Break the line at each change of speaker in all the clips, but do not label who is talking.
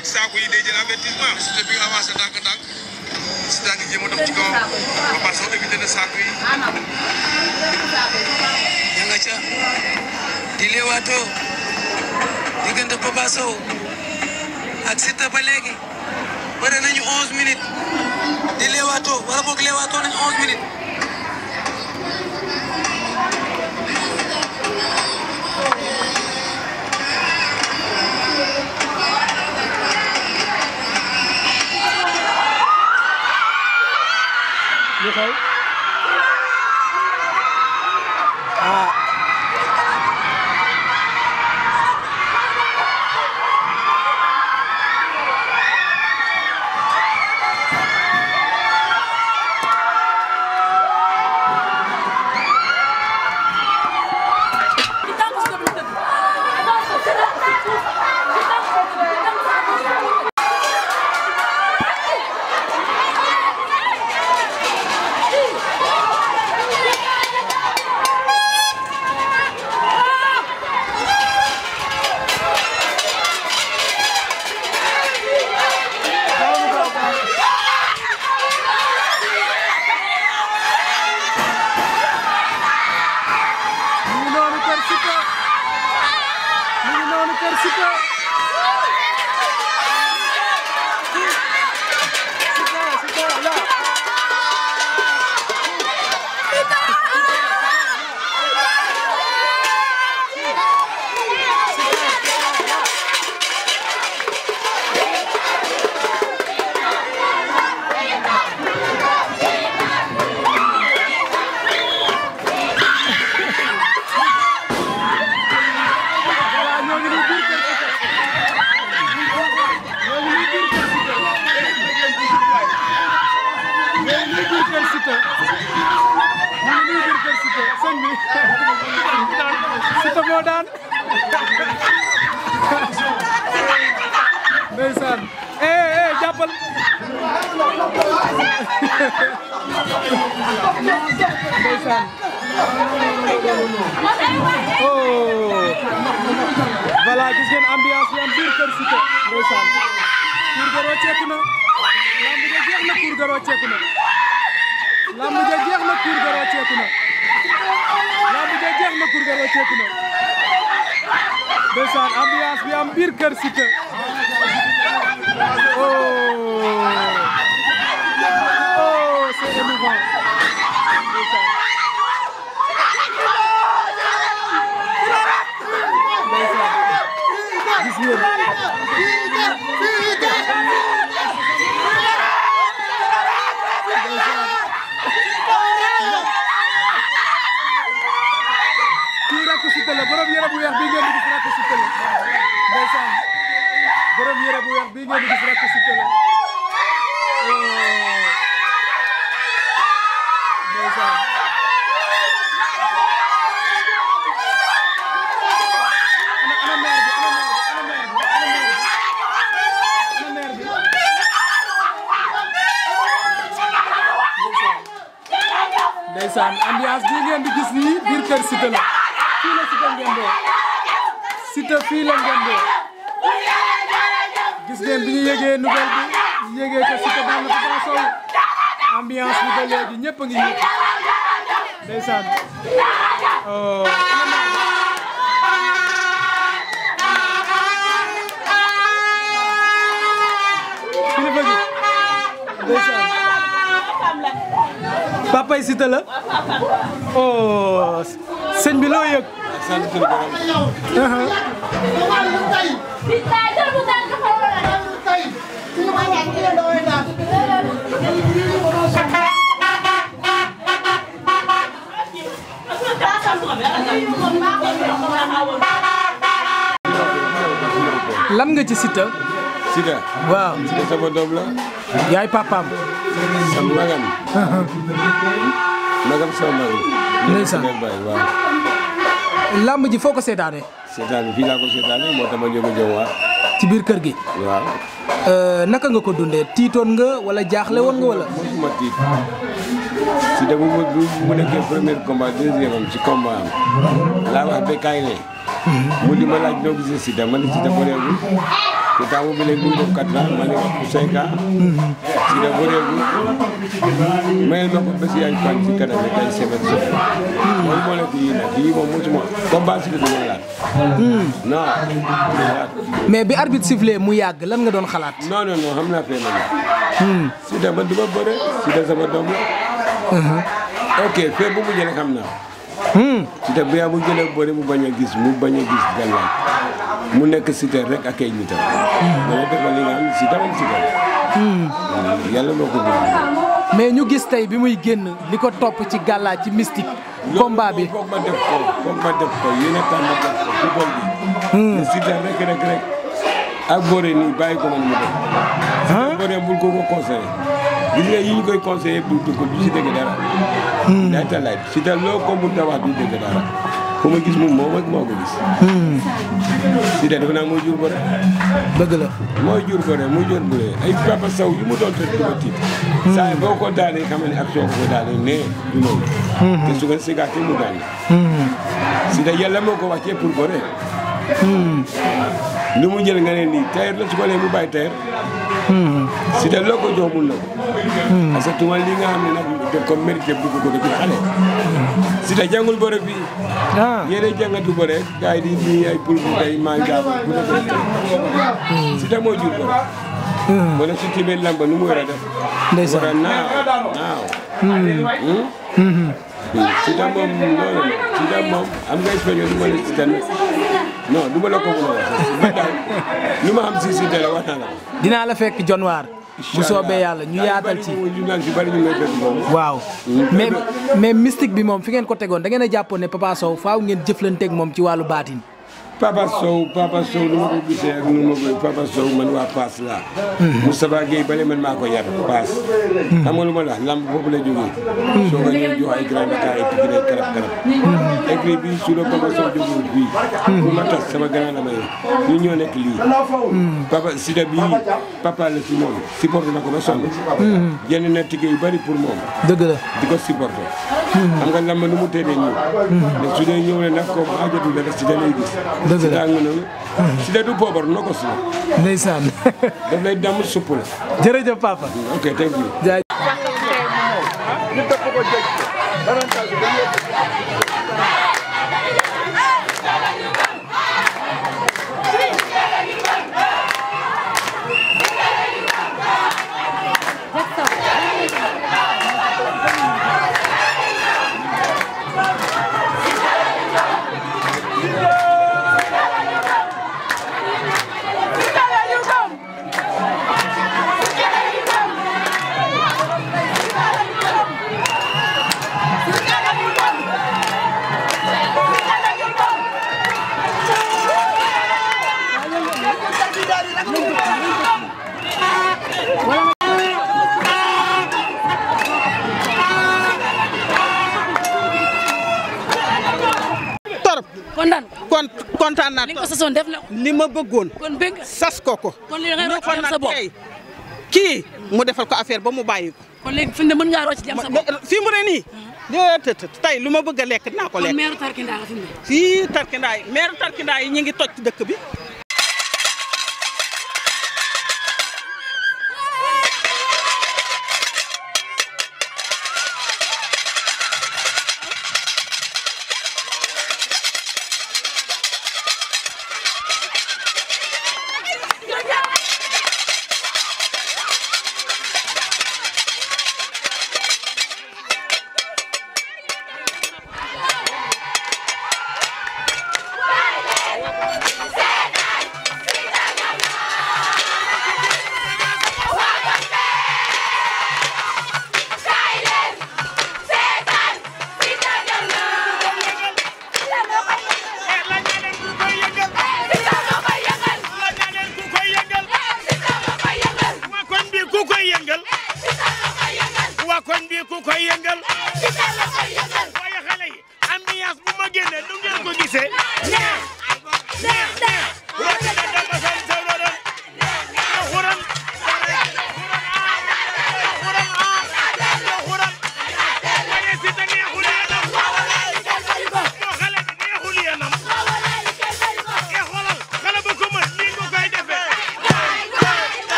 it saako yi day jël avertissement. Siteu bi a dox ci kawam nga ca di leewaatoo diggante Papa Sow ak Siteu ba léegi bëre nañu 11 minutes di leewaatoo wala boog leewaatoo nañu 11 minutes. kaw participer ndeysaan oh voilà gis ngeen ambiance yi am biir kër Siteu ndeysaan Cour Goro ceeku na lamb ja jeex na Cour Goro ceeku na lamb ja jeex na Cour Goro ceeku na lamb ja jeex na Cour Goro ceeku na ndeysaan ambiance bi am biir kër Siteu oh ndeysaan borom yére bu weex bii ngeen di gis rek si télé ndeysaan ndeysaan ambiance bii ngeen di gis nii biir kër Siteu la fii la Siteu ngeen dee Siteu fii la ngeen dee bi ñu yëgee nouvelle bi ñu yëgee ko Siteu daan na Papa Sow ambiance bi ba léegi ñëpp a ngi yëg ndeysaan oh. kilifa gi ndeysaan papay Siteu la oh sëñ bi loo yëg lan nga ci sita Siteu. waaw Siteu sama doom yaay papaam. làmb ji foo ko seetaanee. seetaanee fii ci biir kër gi. waaw. Euh, naka nga ko dundee tiitoon nga wala jaaxle nga wala. si mu nekkee premier combat deuxième am ci combat laa wax békaay ne mu di ma laaj noo gisee Siteu ma ne Siteu bëreegul te ma ne cinq ans Siteu ma ko bés yaay fan ci kanam yi tey semaine so loolu moo nekk yii nag yii moom mosuma combat si bi ma laaj hmm. non mais bi arbitre sifflé mu yàgg lan nga doon xalaat non non ma ne hmm. du ma bëre Siteu sama doom la Uh-huh. ok fee bu mu jëlee xam naa. Siteu hmm. bu yaa mu jëlee bëri mu bañ gis mu bañ a gis gàllankoor mu nekk Siteu rek ak ay nitam. Hmm. dama defal li nga xam Siteu am Siteu. yàlla moo ko bëgg. mais ñu gis tey bi muy génn li ko topp ci gàllaa ci mystique. combat bi foog ma def a tàmm def ko ci bool bi. te hmm. Siteu rek rek rek ak Boré nii bàyyi ko man mu def. ah Boré bul ko ko conseillé. gis nga yi ñu koy conseillé bu dugg du si dëgg dara. Hmm. day talaay si te loo ko mun a wax du dëgg dara ku ma gis moom moo moo ko gis. Hmm. si te defe naa mooy jur bëre. dëgg la. mooy jur bëre mooy jur bëre ay papa saw yu mu doon tëj du ko tiit. Hmm. saa boo ko daanee xam ne action ko daanee nee du loolu. te su ko sigaatee mu daan si te moo ko wàccee pour bëre. lu mu jël nga nii tailleur la su mu bàyyi tailleur. Siteu loo ko jox a na ko. parce que tuma li nga xam ne nag def ko mérité bugg ko def ci xale. Siteu jàngul bëre fii. ah a jàngatu bëre gars yi di nii ay pul bu ay maa ngi bu ne ko defee. Siteu moo jur hmm. mu ne su a hmm. Hmm. moom loolu
la Siteu moom
am nga expérience ma ne Siteu nag. non du ma la ko mën ma xam si si a wax naa la dinaa la fekk janvier. bu soobee yàlla ñu yaatal ci waaw mm. mais mais mystique bi moom fi ngeen ko tegoon da ngeen a jàppoon ne Papa Sow ngeen jëflanteeg moom ci wàllu baatin Papa Sow Papa Sow nu ma ko gisee ak nu ma ko Papa Sow man waa Paas laa. Hmm. Moustapha Guèye bale man maa ko yar Paas. Hmm. xam nga lu ma la lamb foofu la jógee. Hmm. soo ko ñëw jox ay Grand Dakar ay Pikine ay karab karab. écrit bi su la Papa Sow jógee fii. bu ma tas sama grand la ma ñu ñoo nekk lii. Papa Sida bii papa la ci moom supporté na ko ba sonn. jënd na tike yu bari pour moom. dëgg la di ko supporté. xam nga lamb nu mu tëddee ñëw. mais su dee ñëw ne nag comme aajatu la rek si da lay gis. dëgg la hmm. si dee du poobar nokos la. ndeysaan. daf lay damm supp la. jërëjëf papa. ok thank you. jaajëf. ñu dëpp ko jëj. trop. kontaan kon kontaan naa. li nga ko sasoon def na ko. li ma bëggoon. kon bëgg sas ko ko. kon li nga ko sa bopp kii mu defal ko affaire ba mu bàyyi ko. kon léegi fi mu ne mën ngaa rocc jam sa bopp. fii mu ne nii. déet uh-huh. tey lu ma bëgg a lekk dinaa ko lekk. kon meeru Tarkindaa la fi mu ne. fii Tarkindaa yi meeru Tarkindaa yi ñu ngi toj dëkk bi.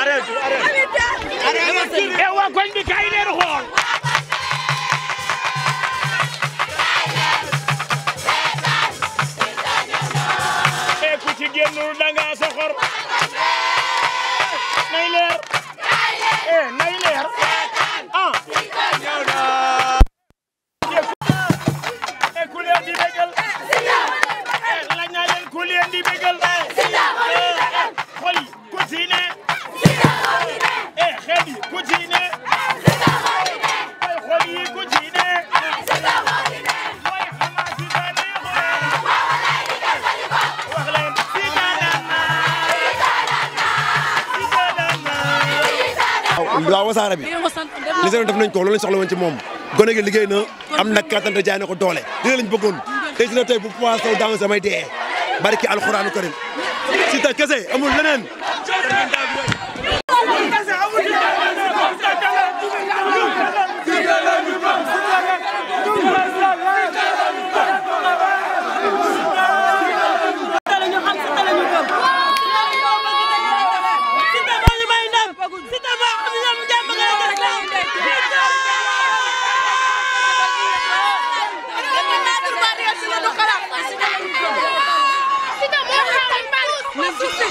arrête arrête e waa koñ bi kaay leen xool e ku ci génnul danga soxor nay leer eh, nay leer wasaare bi li seen def nañ ko loolu lañ soxla woon ci moom gone gi liggéey na am na kattan te jaay na ko doole lii lañ bëggoon tey si na tey bu Papa Sow daanu samay dee barki alxuraanu karim si ta kese amul leneen suuf si.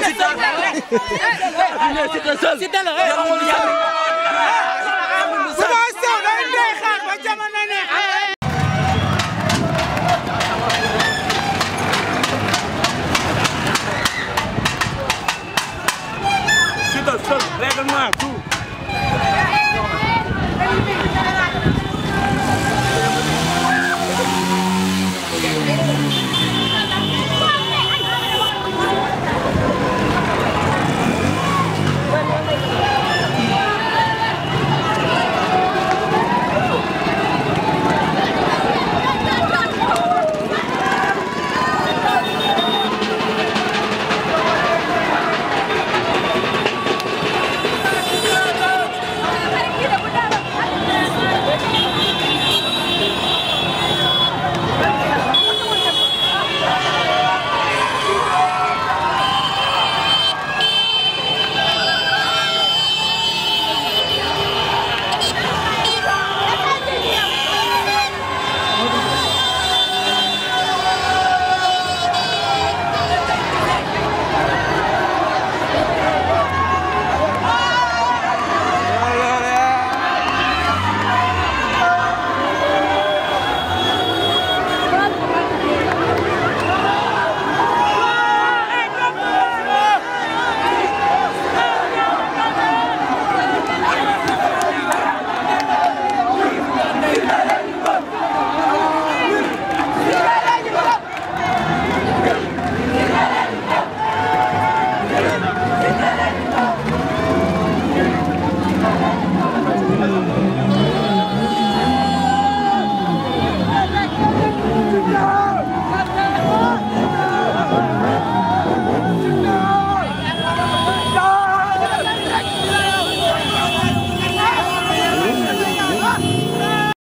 Siteu, Siteu, règlement, tout.